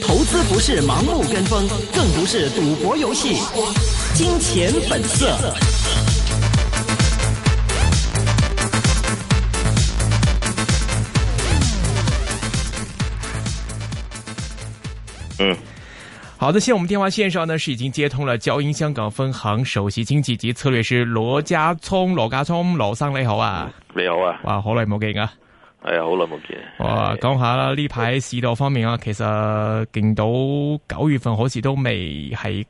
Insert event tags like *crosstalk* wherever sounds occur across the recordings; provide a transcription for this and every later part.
投資不是盲目跟風，更不是賭博遊戲。金錢本色。嗯，好的，現我們電話綫上呢是已經接通了交銀香港分行首席經濟及策略師羅家聰，羅家聰，羅生你好啊，你好啊，哇，好耐冇見啊。係啊，好耐冇見。我講哇下啦，呢排市道方面啊，嗯、其實勁到九月份好似都未係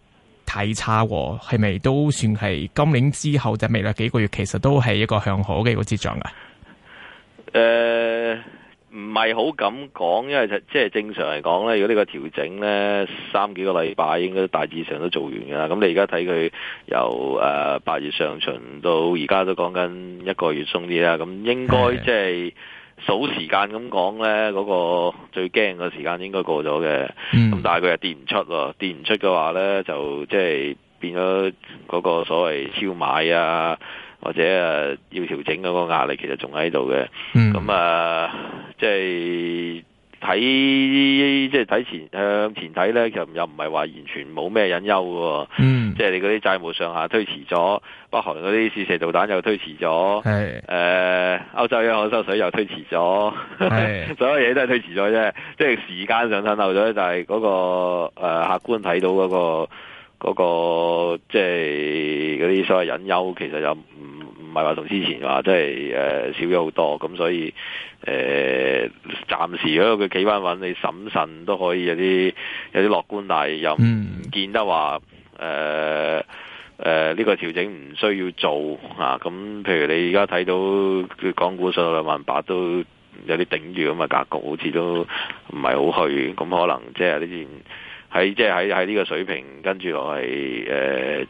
太差喎，係咪都算係今年之後就未來幾個月，其實都係一個向好嘅一個跡象啊？誒、呃，唔係好敢講，因為就即係正常嚟講咧，如果呢個調整咧三幾個禮拜，應該大致上都做完㗎啦。咁你而家睇佢由誒八月上旬到而家都講緊一個月鬆啲啦，咁應該即係。數時間咁講呢，嗰、嗰個最驚嘅時間應該過咗嘅，咁、嗯、但係佢又跌唔出，跌唔出嘅話呢，就即係變咗嗰個所謂超買啊，或者啊要調整嗰個壓力其實仲喺度嘅，咁、嗯、啊即係。睇即係睇前向、呃、前睇咧，就又唔係話完全冇咩隱憂喎。嗯，即係你嗰啲債務上下推遲咗，北韓嗰啲試射導彈又推遲咗，係誒是、呃、歐洲央可收水歐洲央行收水又推遲咗，係是 *laughs* 所有嘢都係推遲咗啫。即係時間上滯留咗，但係嗰個誒客觀睇到嗰、那個嗰、那個即係嗰啲所謂隱憂，其實又唔。唔係話同之前話，即係誒少咗好多，咁、嗯、所以誒、呃、暫時如果佢企翻穩，你審慎都可以有啲有啲樂觀，但係又唔見得話誒誒呢個調整唔需要做啊！咁、嗯、譬如你而家睇到佢港股數兩萬八都有啲頂住咁嘅格局，好似都唔係好去，咁、嗯、可能即係呢件喺即係喺喺呢個水平跟住落去誒。呃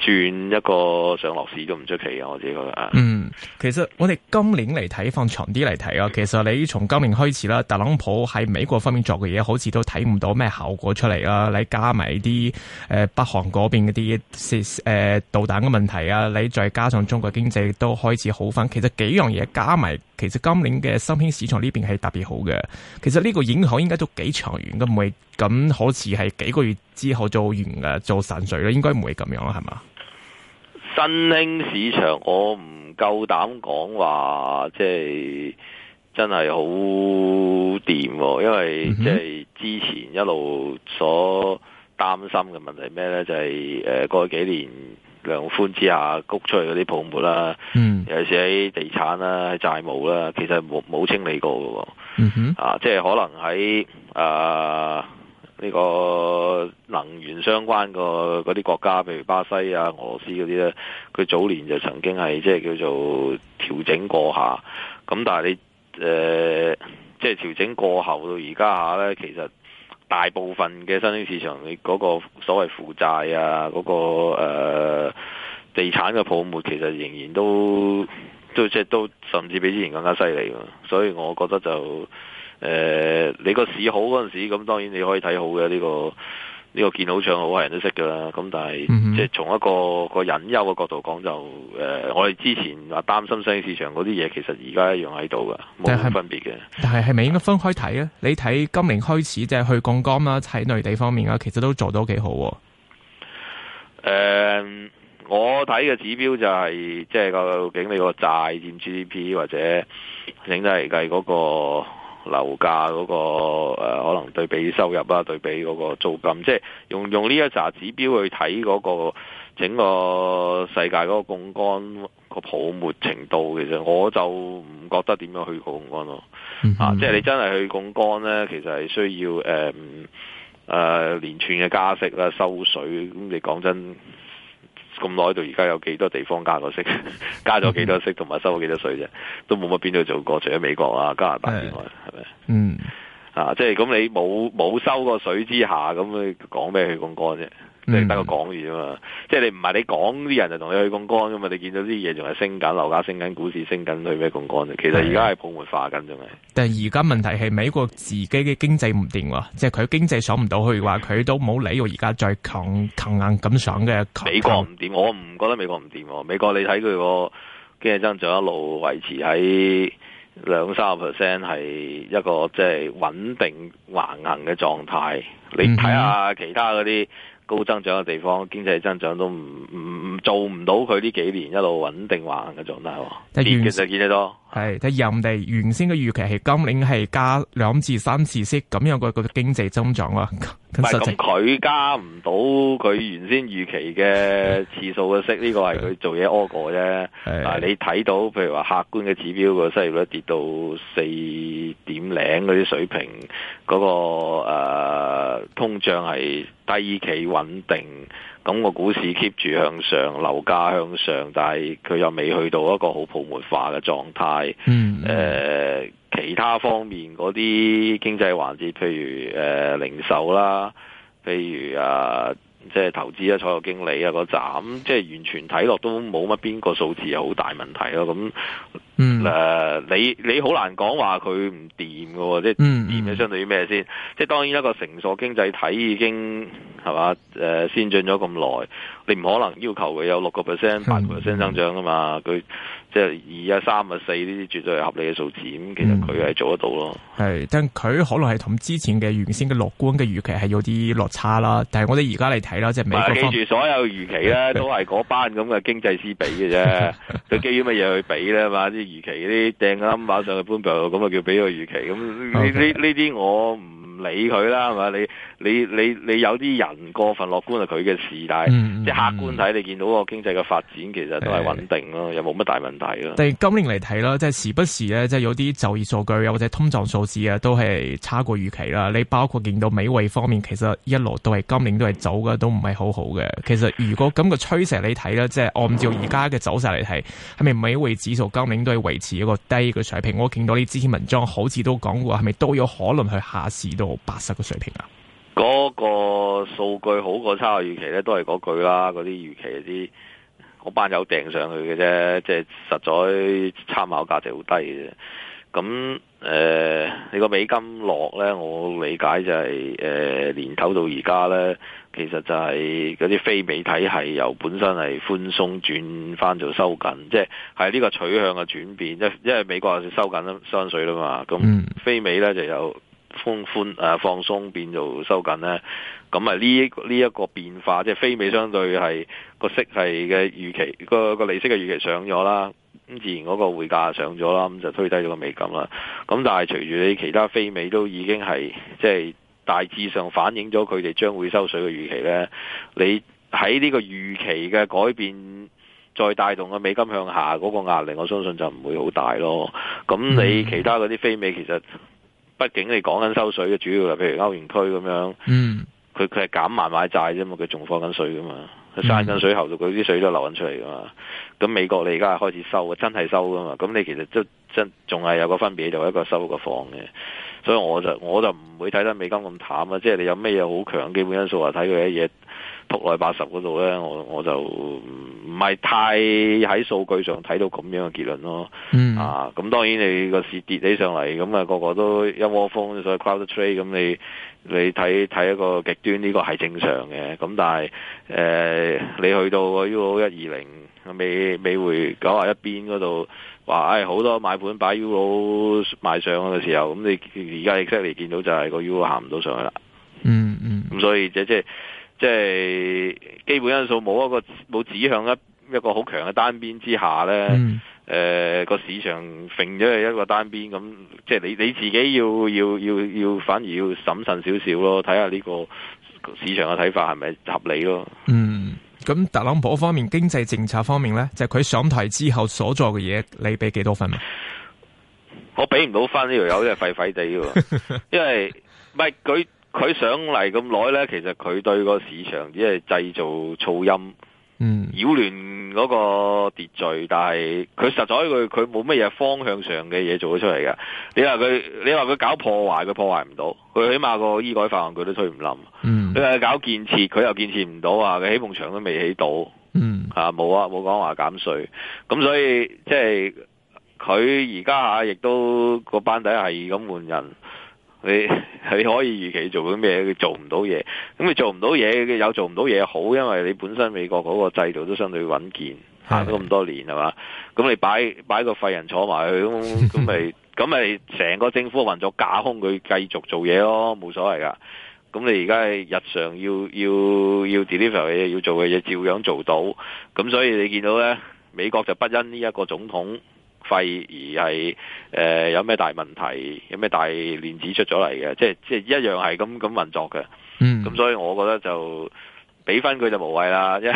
轉一個上落市都唔出奇啊。我自己覺得。嗯，其實我哋今年嚟睇，放長啲嚟睇啊，其實你從今年開始啦，特朗普喺美國方面做嘅嘢，好似都睇唔到咩效果出嚟啦，啊。你加埋啲誒，北韓嗰邊嗰啲射誒導彈嘅問題啊，你再加上中國經濟都開始好返，其實幾樣嘢加埋，其實今年嘅新興市場呢邊係特別好嘅。其實呢個影響應該都幾長遠，唔會咁好似係幾個月之後做完嘅做散水啦，應該唔會咁樣啦，係嘛？新興市場我唔夠膽講話，即係真係好掂，因為即係、嗯、哼之前一路所擔心嘅問題咩咧？就係、是、誒、呃，過去幾年量寬之下谷出去嗰啲泡沫啦，嗯、尤其是喺地產啦、喺債務啦，其實冇冇清理過嘅，嗯、哼啊，即係可能喺啊。呃呢個能源相關嘅嗰啲國家，譬如巴西啊、俄羅斯嗰啲咧，佢早年就曾經係即係叫做調整過下，咁但係你誒、呃、即係調整過後到而家下咧，其實大部分嘅新興市場，你嗰個所謂負債啊，嗰、嗰個、呃、地產嘅泡沫，其實仍然都都即係都甚至比之前更加犀利，所以我覺得就。誒、呃，你個市好嗰陣時，咁當然你可以睇好嘅呢、這個呢、這個見好唱好係人都識噶啦。咁但係即係從一個一個隱憂嘅角度講就，誒、呃，我哋之前話擔心新興市場嗰啲嘢，其實而家一樣喺度噶，冇咩分別嘅。但係係咪應該分開睇啊？嗯、你睇今年開始即係去槓桿啦，喺內地方面啦，其實都做得幾好。誒、呃，我睇嘅指標就係、是、即係究竟你個債佔 GDP 或者整體嚟計嗰個。樓價嗰、那個、呃、可能對比收入啦，對比嗰個租金，即係用用呢一扎指標去睇嗰、那個整個世界嗰個槓桿個泡沫程度，其實我就唔覺得點樣去槓桿咯。啊，即係你真係去槓桿咧，其實係需要誒誒連串嘅加息啦、啊、收水，咁你講真。咁耐到而家有幾多地方加個息， *laughs* 加咗幾多息，同埋收咗幾多稅啫？都冇乜邊度做過，除咗美國啊、加拿大之外，係咪的？吧嗯，啊，即係咁你冇冇收過水之下，咁你講咩去咁幹啫？嗯、你得個講嘢啫嘛，即係你唔係你講啲人就同你去槓桿噶嘛，你見到啲嘢仲係升緊，樓價升緊，股市升緊，去咩槓桿？其實而家係泡沫化緊啫嘛。但係而家問題係美國自己嘅經濟唔掂喎，即係佢經濟上唔到去嘅話，佢都冇理由而家再強硬咁上嘅。美國唔掂，我唔覺得美國唔掂。美國你睇佢個經濟增長一路維持喺兩三個 percent 係一個即係穩定橫行嘅狀態。你睇下其他嗰啲。高增長嘅地方，經濟增長都唔唔做唔到，佢呢幾年一路穩定滑嘅狀態喎。其實見得多。係，睇人哋原先嘅預期係今年係加兩至三次息咁樣嘅個經濟增長啊。唔係佢加唔到佢原先預期嘅次數嘅息，呢 *laughs* 個係佢做嘢蝦過啫。嗱， *laughs* 你睇到譬如話客觀嘅指標個失業率跌到四點零嗰啲水平，嗰、那個、呃、通脹係低企穩定。咁個股市 keep 住向上，樓價向上，但係佢又未去到一個好泡沫化嘅狀態。嗯，誒、呃，其他方面嗰啲經濟環節，譬如誒、呃、零售啦，譬如啊，即係投資啊，採購經理啊嗰站，即係完全睇落都冇乜邊個數字有好大問題咯。咁。嗯，誒，你你好難講話，佢唔掂嘅喎，即係唔掂嘅相對於咩先？嗯嗯、即係當然一個成熟經濟體已經係嘛？誒、呃，先進咗咁耐。你唔可能要求佢有六個 percent、八個 percent 增長㗎嘛，佢、嗯、即係二啊、三啊、四呢啲絕對係合理嘅數字，咁其實佢係做得到咯。係、嗯，但佢可能係同之前嘅原先嘅樂觀嘅預期係有啲落差啦。但係我哋而家嚟睇啦，即係美國。記住所有預期咧，都係嗰班咁嘅經濟師俾嘅啫。佢 *laughs* 基於乜嘢去俾咧嘛？啲預期啲掟啱，馬上去搬表，咁啊叫俾個預期。咁呢呢呢啲我唔理佢啦，係嘛？你你你你有啲人過分樂觀係佢嘅事，但係即係客觀睇，你見到個經濟嘅發展其實都係穩定咯，是又冇乜大問題嘅。但係今年嚟睇啦，即係時不時咧，即係有啲就業數據又或者通脹數字啊，都係差過預期啦。你包括見到美匯方面，其實一路都係今年都係走嘅，都唔係好好嘅。其實如果咁嘅趨勢你睇啦，即係按照而家嘅走勢嚟睇，係咪美匯指數今年都係維持一個低嘅水平？我見到啲之前文章好似都講過，係咪都有可能去下市都？八十嘅水平啊，嗰個數據好過差嘅預期咧，都係嗰句啦。嗰啲預期啲我班友訂上去嘅啫，即係實在參考價值好低嘅。咁誒、呃，你個美金落咧，我理解就係、是、誒、呃、年頭到而家咧，其實就係嗰啲非美體系由本身係寬鬆轉翻做收緊，即係喺呢個取向嘅轉變。即因為美國係收緊啦，縮水啦嘛，咁非美咧就有。放寬誒放鬆變做收緊咧，咁啊呢呢一個變化，即係非美相對係個息係嘅預期，個個利息嘅預期上咗啦，咁自然嗰個匯價上咗啦，咁就推低咗個美金啦。咁但係隨住你其他非美都已經係即係大致上反映咗佢哋將會收水嘅預期咧，你喺呢個預期嘅改變再帶動個美金向下嗰個壓力，我相信就唔會好大咯。咁你其他嗰啲非美其實。畢竟你講緊收水嘅主要啦，譬如歐元區咁樣，佢佢係減慢買債啫嘛，佢仲放緊水噶嘛，佢山緊水喉度佢啲水都流緊出嚟噶嘛，咁美國你而家係開始收嘅，真係收噶嘛，咁你其實都真仲係有個分別就係、一個收一個放嘅。所以我就我就唔會睇得美金咁淡啊！即係你有咩嘢好強基本因素啊？睇佢一嘢撲落八十嗰度咧，我我就唔係太喺數據上睇到咁樣嘅結論咯。嗯、啊，咁當然你個市跌起上嚟，咁、那、啊、個、個個都一窩蜂所以 crowd trade，咁你你睇睇一個極端呢、這個係正常嘅。咁但係誒、呃，你去到個 UO 一二零，美、美匯九啊一邊嗰度。話唉好多買盤擺 U 股賣上嘅時候，咁你而家亦即係嚟，見到就係個 U 行唔到上去啦。嗯。嗯嗯。咁所以即即即基本因素冇一個冇指向一一個好強嘅單邊之下咧，誒個、嗯呃、市場揈咗一個單邊，咁即係你你自己要要要要反而要審慎少少咯，睇下呢個市場嘅睇法係咪合理咯。嗯。咁特朗普方面經濟政策方面咧，就係、是、佢上台之後所做嘅嘢，你俾幾多分？我俾唔到分，呢條友真係廢廢地喎，因為唔係，佢佢上嚟咁耐咧，其實佢對個市場只係製造噪音。嗯，擾亂嗰個秩序，但係佢實在佢佢冇乜嘢方向上嘅嘢做得出嚟嘅。你話佢，你話佢搞破壞，佢破壞唔到。佢起碼個醫改法案佢都推唔冧。嗯，你話搞建設，佢又建設唔到啊。佢起夢牆都未起到。嗯，啊冇啊，冇講話減稅。咁所以即係佢而家啊亦都個班底係咁換人。你佢可以預期做啲咩？佢做唔到嘢，咁佢做唔到嘢，有做唔到嘢好，因為你本身美國嗰個制度都相對穩健，行咗咁多年係嘛？咁你擺擺個廢人坐埋去，咁咁咪咁咪成個政府運作架空佢繼續做嘢咯，冇所謂㗎。咁你而家係日常要要要 deliver 嘅嘢，要做嘅嘢照樣做到。咁所以你見到咧，美國就不因呢一個總統。費而係誒、呃、有咩大問題，有咩大鏈子出咗嚟嘅？即係即係一樣係咁咁運作嘅。嗯，咁所以我覺得就俾翻佢就無謂啦，因為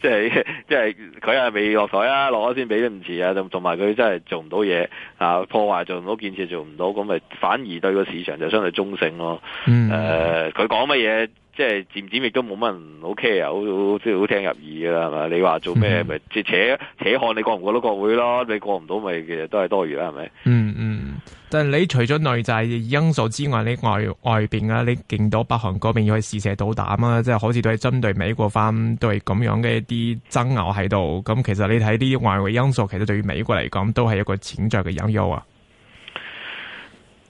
即係即係佢係未落台啊，落咗先俾都唔遲啊，同埋佢真係做唔到嘢啊，破壞做唔到，到，建設做唔到，咁咪反而對個市場就相對中性咯。嗯，誒佢講乜嘢？即係漸漸亦都冇乜人好 care，好好即係好聽入耳噶啦。你話做咩咪即係扯扯，扯看你國國國，你過唔過到國會咯？你過唔到咪其實都係多餘啦，係咪？嗯嗯，但係你除咗內債因素之外，你外外邊啊，你見到北韓嗰邊要去試射導彈啊，即係好似都係針對美國翻，對咁樣嘅一啲爭拗喺度。咁其實你睇啲外圍因素，其實對於美國嚟講都係一個潛在嘅隱憂啊。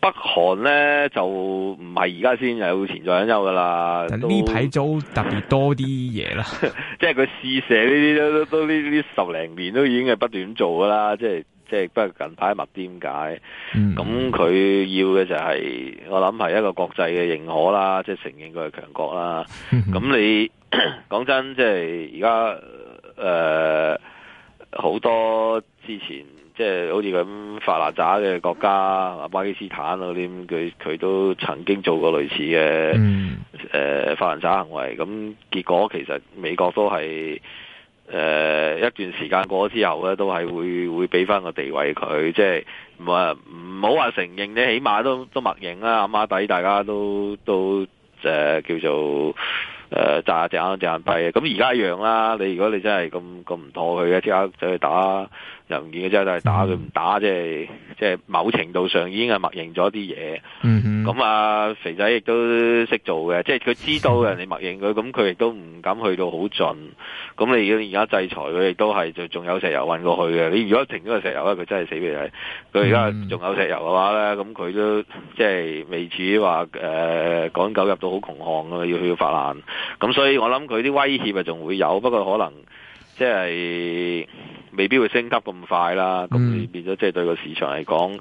北韓咧就唔係而家先有，前進有嘅啦，呢排就租特別多啲嘢啦， *laughs* 即係佢試射呢啲都呢啲十零年都已經係不斷做嘅啦，即係即係不過近排密啲點解？咁佢、嗯、要嘅就係、是、我諗係一個國際嘅認可啦，即係承認佢係強國啦。咁 *laughs* 你講真，即係而家誒好多之前。即係好似咁發爛渣嘅國家啊，巴基斯坦嗰啲，佢佢都曾經做過類似嘅誒發爛渣行為，咁結果其實美國都係誒、呃、一段時間過咗之後咧，都係會會俾翻個地位佢，即係唔啊唔好話承認，你起碼都都默認啊，阿媽底大家都都誒、呃、叫做。誒眨下隻眼，隻眼，眼閉啊！咁而家一樣啦。你如果你真係咁咁唔妥佢嘅，即刻就去打又唔見嘅，即係打佢唔打，即係即係某程度上已經係默認咗啲嘢。嗯哼，咁啊肥仔亦都識做嘅，即係佢知道人哋默認佢，咁佢亦都唔敢去到好盡。咁你而家制裁佢，亦都係仲有石油運過去嘅。你如果停咗個石油咧，佢真係死俾你。佢而家仲有石油嘅話咧，咁佢都即係未至於話誒、呃、趕狗入到好窮巷啊，要去到發爛。咁所以我諗佢啲威脅啊仲會有，不過可能即係未必會升級咁快啦。咁變咗即係對個市場嚟講，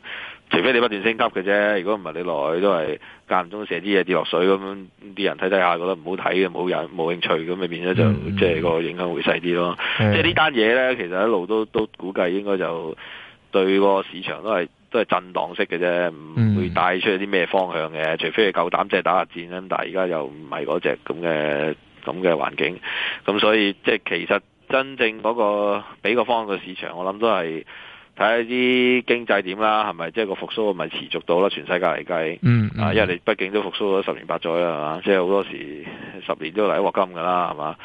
除非你不斷升級嘅啫。如果唔係你落去都係間唔中寫啲嘢，跌落水咁樣，啲人睇睇下覺得唔好睇嘅，冇人冇興趣咁，咪變咗就即係、就是、個影響會細啲咯。的即係呢單嘢咧，其實一路都都估計應該就對個市場都係。都係震盪式嘅啫，唔會帶出啲咩方向嘅，除非係夠膽即係打下戰啦。但係而家又唔係嗰隻咁嘅咁嘅環境，咁所以即係其實真正嗰個俾個方向嘅市場，我諗都係。睇下啲經濟點啦，係咪即係個復甦咪持續到啦？全世界嚟計，啊、嗯，因為你畢竟都復甦咗十年八載啦，係嘛？即係好多時十年都嚟一鑊金㗎啦，係嘛？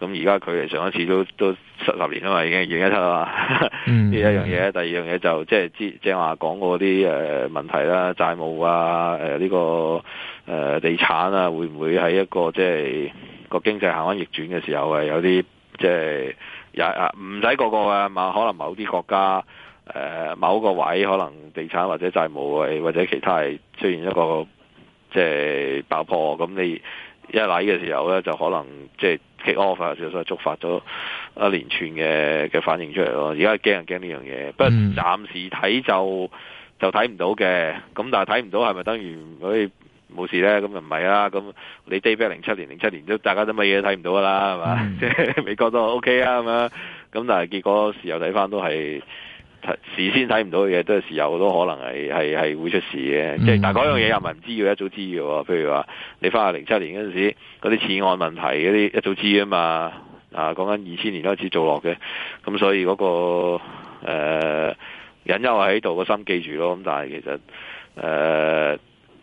咁而家佢哋上一次都都十十年啊嘛，已經完一輯啦。呢 *laughs* 一樣嘢，嗯、第二樣嘢就即係即係話講嗰啲誒問題啦，債務啊，誒、呃、呢、呢個誒、呃、地產啊，會唔會喺一個即係個經濟行翻逆轉嘅時候係有啲即係又啊唔使個個啊，可能某啲國家。誒、呃、某個位可能地產或者債務位或者其他係出現一個即係爆破，咁你一嚟嘅時候咧就可能即係 take off 啊，少少觸發咗一連串嘅嘅反應出嚟咯。而家驚啊驚呢樣嘢，嗯、不過暫時睇就就睇唔到嘅。咁但係睇唔到係咪等於誒冇事咧？咁就唔係啦。咁你 date back 零七年、零七年都大家都乜嘢都睇唔到噶啦，係嘛？即係、嗯、 *laughs* 美國都 OK 啊咁樣。咁但係結果事後睇翻都係。事先睇唔到嘅嘢，都係時候都可能係係係會出事嘅。即係但係嗰樣嘢又唔係唔知嘅，一早知嘅喎。譬如話你翻去零七年嗰陣時，嗰啲次按問題嗰啲一早知啊嘛。啊，講緊二千年開始做落嘅，咁所以嗰、嗰個誒、呃、隱憂喺度，個心記住咯。咁但係其實誒、呃，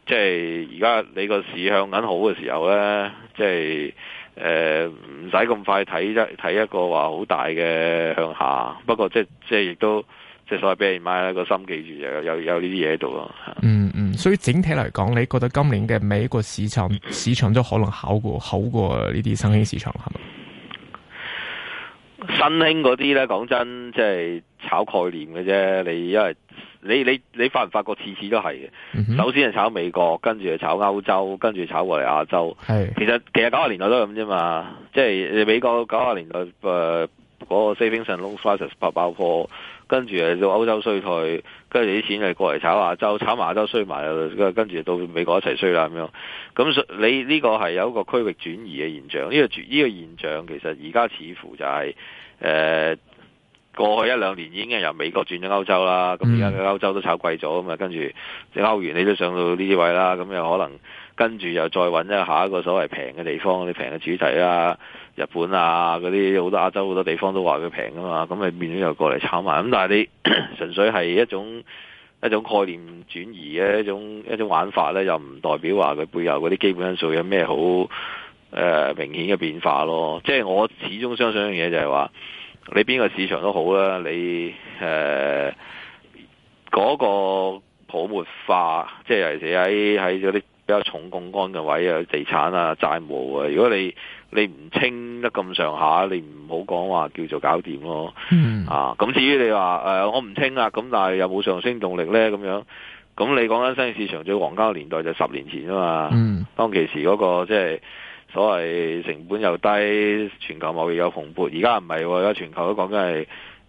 即係而家你個市向緊好嘅時候咧，即係誒唔使咁快睇一睇一個話好大嘅向下。不過即係即係亦都。即係所謂俾你買啦，個心記住有有有呢啲嘢喺度咯。嗯嗯，所以整體嚟講，你覺得今年嘅美國市場市場都可能好過好過呢啲新興市場係嘛？新興嗰啲咧，講真，即係炒概念嘅啫。你因為你你你，你發唔發覺次次都係嘅？嗯、哼首先係炒美國，跟住係炒歐洲，跟住炒過嚟亞洲。係是其實其實九十年代都係咁啫嘛。即係美國九十年代誒嗰、呃那個 saving and loan crisis 爆爆破。跟住誒到歐洲衰退，跟住啲錢誒過嚟炒亞洲，炒埋亞洲衰埋跟跟住到美國一齊衰啦咁樣。咁你呢、這個係有一個區域轉移嘅現象，呢、這個呢、這個現象其實而家似乎就係、是、誒、呃、過去一兩年已經由美國轉咗歐洲啦。咁而家嘅歐洲都炒貴咗，咁咪跟住歐元你都上到呢啲位啦，咁又可能。跟住又再揾一下一個所謂平嘅地方，你平嘅主題啊，日本啊，嗰啲好多亞洲好多地方都話佢平噶嘛，咁你變咗又過嚟炒埋。咁但係你 *coughs* 純粹係一種一種概念轉移嘅一種一種玩法呢，又唔代表話佢背後嗰啲基本因素有咩好誒明顯嘅變化咯。即係我始終相信一樣嘢就係話，你邊個市場都好啦，你誒嗰、呃嗰個泡沫化，即係尤其是喺喺嗰啲。比較重槓桿嘅位啊，地產啊，債務啊，如果你你唔清得咁上下，你唔好講話叫做搞掂咯。嗯、啊，咁至於你話誒、呃，我唔清啊，咁但係又冇上升動力咧，咁樣，咁你講緊新市場最黃金年代就十年前啊嘛。嗯、當其時嗰、那個即係、就是、所謂成本又低，全球貿易又蓬勃，而家唔係，而家全球都講緊係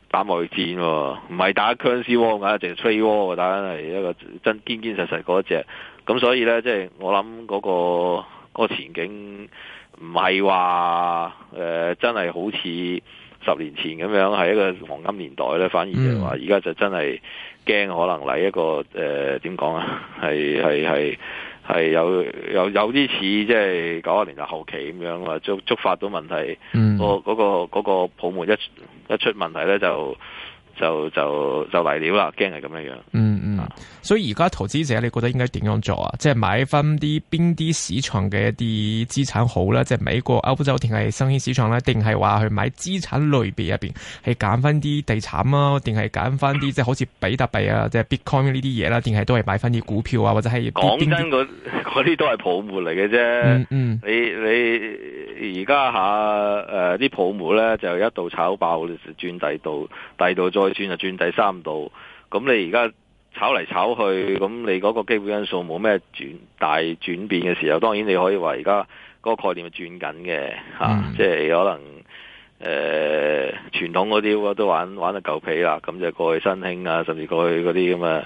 打貿易戰，唔係打僵屍窩，而係淨係吹窩，打緊係一個真堅堅實實嗰隻。咁所以咧，即係我諗嗰個嗰個前景唔係話誒真係好似十年前咁樣係一個黃金年代咧，反而係話而家就真係驚可能嚟一個誒、呃、點講啊，係係係係有有有啲似即係九十年代後期咁樣話觸觸發到問題，嗰嗰、嗯嗰個嗰、嗰個嗰個泡沫一出一出問題咧就就就就嚟了啦，驚係咁樣樣。嗯嗯、所以而家投資者你覺得應該點樣做啊？即係買翻啲邊啲市場嘅一啲資產好咧？即係美國、歐洲定係新興市場咧？定係話去買資產類別入邊，係揀翻啲地產啊？定係揀翻啲即係好似比特幣啊、即係 Bitcoin 呢啲嘢啦？定係都係買翻啲股票啊？或者係講真，嗰啲都係泡沫嚟嘅啫。嗯，你你而家下誒啲、呃、泡沫咧，就一度炒爆，轉第二度，第二度再轉就轉第三度。咁你而家？炒嚟炒去，咁你嗰個基本因素冇咩轉大轉變嘅時候，當然你可以話而家嗰個概念係轉緊嘅嚇，即係可能誒呃、傳統嗰啲都玩玩得夠皮啦，咁就過去新興啊，甚至過去嗰啲咁嘅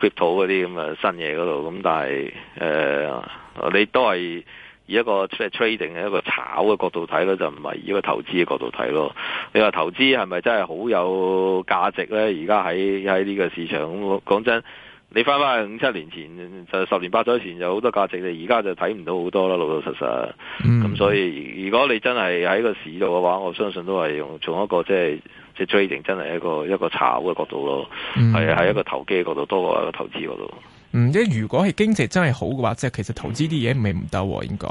Crypto 嗰啲咁嘅新嘢嗰度，咁但係誒、呃、你都係，以一個即係 trading 嘅一個炒嘅角度睇咧，就唔係以一個投資嘅角度睇咯。你話投資係咪真係好有價值咧？而家喺喺呢個市場咁講真，你翻翻去五七年前就十年八載前有好多價值你而家就睇唔到好多啦，老老實實。咁、嗯、所以如果你真係喺個市度嘅話，我相信都係用從一個、就係、即係即係 trading 真係一個一個炒嘅角度咯，係喺一個投機嘅角度多過一個投資嗰度。嗯，即如果係經濟真係好嘅話，即係其實投資啲嘢，唔係唔得，應該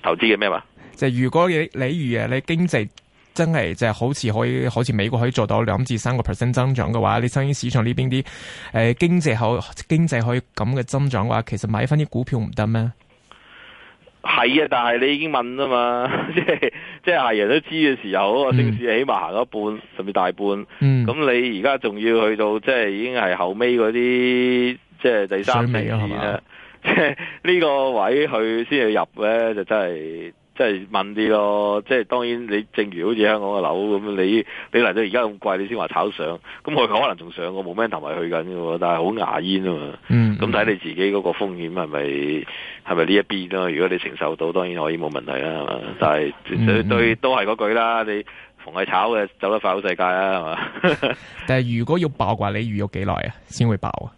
投資嘅咩嘛？即係如果你如啊，你經濟真係即係好似可以，好似美國可以做到兩至三個 percent 增長嘅話，你新興市場呢邊啲誒經濟可經濟可以咁嘅增長嘅話，其實買翻啲股票唔得咩？係啊，但係你已經問啊嘛， *laughs* 即係即係，係人都知嘅時候，個升市起碼行咗一半甚至大半。咁、嗯、你而家仲要去到即係已經係後尾嗰啲。即係第三邊啦，啊、即係呢個位佢先要入咧，就真係即係問啲咯。即係當然你正如好似香港嘅樓咁，你你嚟到而家咁貴，你先話炒上，咁我可能仲上過，我冇咩頭埋去緊嘅喎。但係好牙煙啊嘛，咁睇、嗯嗯、你自己嗰個風險係咪係咪呢一邊咯？如果你承受到，當然可以冇問題啦，係嘛？但係、嗯、對，對，對，對都係嗰句啦，你逢係炒嘅走得快好世界啦，係嘛？ *laughs* 但係如果要爆嘅話，你預約幾耐啊？先會爆啊？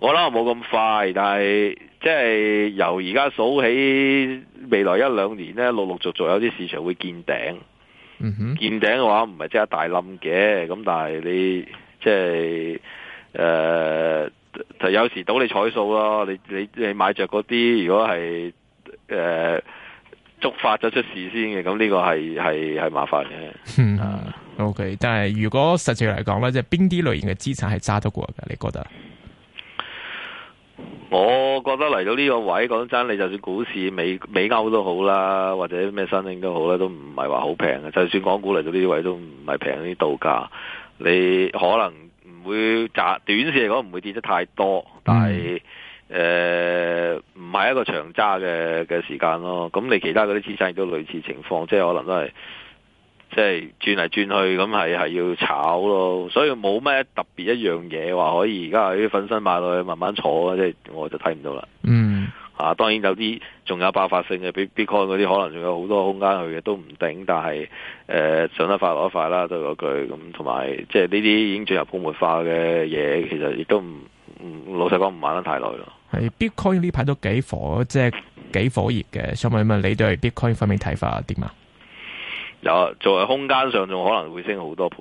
我諗冇咁快，但係即係由而家數起，未來一兩年咧，陸陸續續有啲市場會見頂。嗯、哼見頂嘅話，唔係即刻大冧嘅。咁但係你即係誒，就是呃、有時賭你彩數咯。你你你買着嗰啲，如果係誒觸發咗出事先嘅，咁呢個係係係麻煩嘅、嗯。啊，OK。但係如果實際嚟講咧，即係邊啲類型嘅資產係揸得過嘅？你覺得？我覺得嚟到呢個位，講真，你就算股市美美歐都好啦，或者咩新興都好啦，都唔係話好平嘅。就算港股嚟到呢啲位都唔係平啲，度假你可能唔會揸短線嚟講唔會跌得太多，但係誒唔係一個長揸嘅嘅時間咯。咁你其他嗰啲資產亦都類似情況，即係可能都係。即係轉嚟轉去咁係係要炒咯，所以冇咩特別一樣嘢話可以而家喺啲粉身買落去慢慢坐啊，即係我就睇唔到啦。嗯，啊，當然有啲仲有爆發性嘅，bitcoin 嗰啲可能仲有好多空間去嘅，都唔頂，但係誒、呃、上得快落得快啦，都嗰句咁，同、嗯、埋即係呢啲已經進入泡沫化嘅嘢，其實亦都唔老實講唔玩得太耐咯。係 bitcoin 呢排都幾火，即係幾火熱嘅。想問一問你對 bitcoin 方面睇法點啊？有，作為空間上仲可能會升好多倍，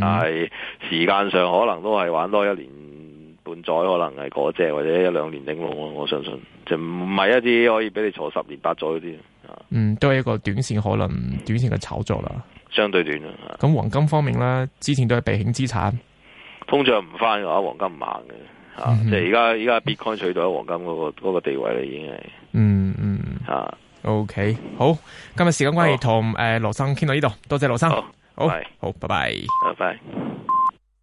但係時間上可能都係玩多一年半載，可能係嗰隻或者一兩年頂籠咯。我相信，就唔係一啲可以俾你坐十年八載嗰啲。啊、嗯，都係一個短線可能、嗯、短線嘅炒作啦，相對短咁、啊、黃金方面咧，之前都係避險資產，通脹唔翻嘅話，黃金唔行嘅。啊，即係而家而家 bitcoin 取代黃金嗰、嗰個、嗰個地位咧，已經係嗯嗯吓。嗯嗯。OK，好，今日時間關係，同誒羅生傾到呢度，多謝羅生，oh。好，好，Bye。好，拜拜，拜拜。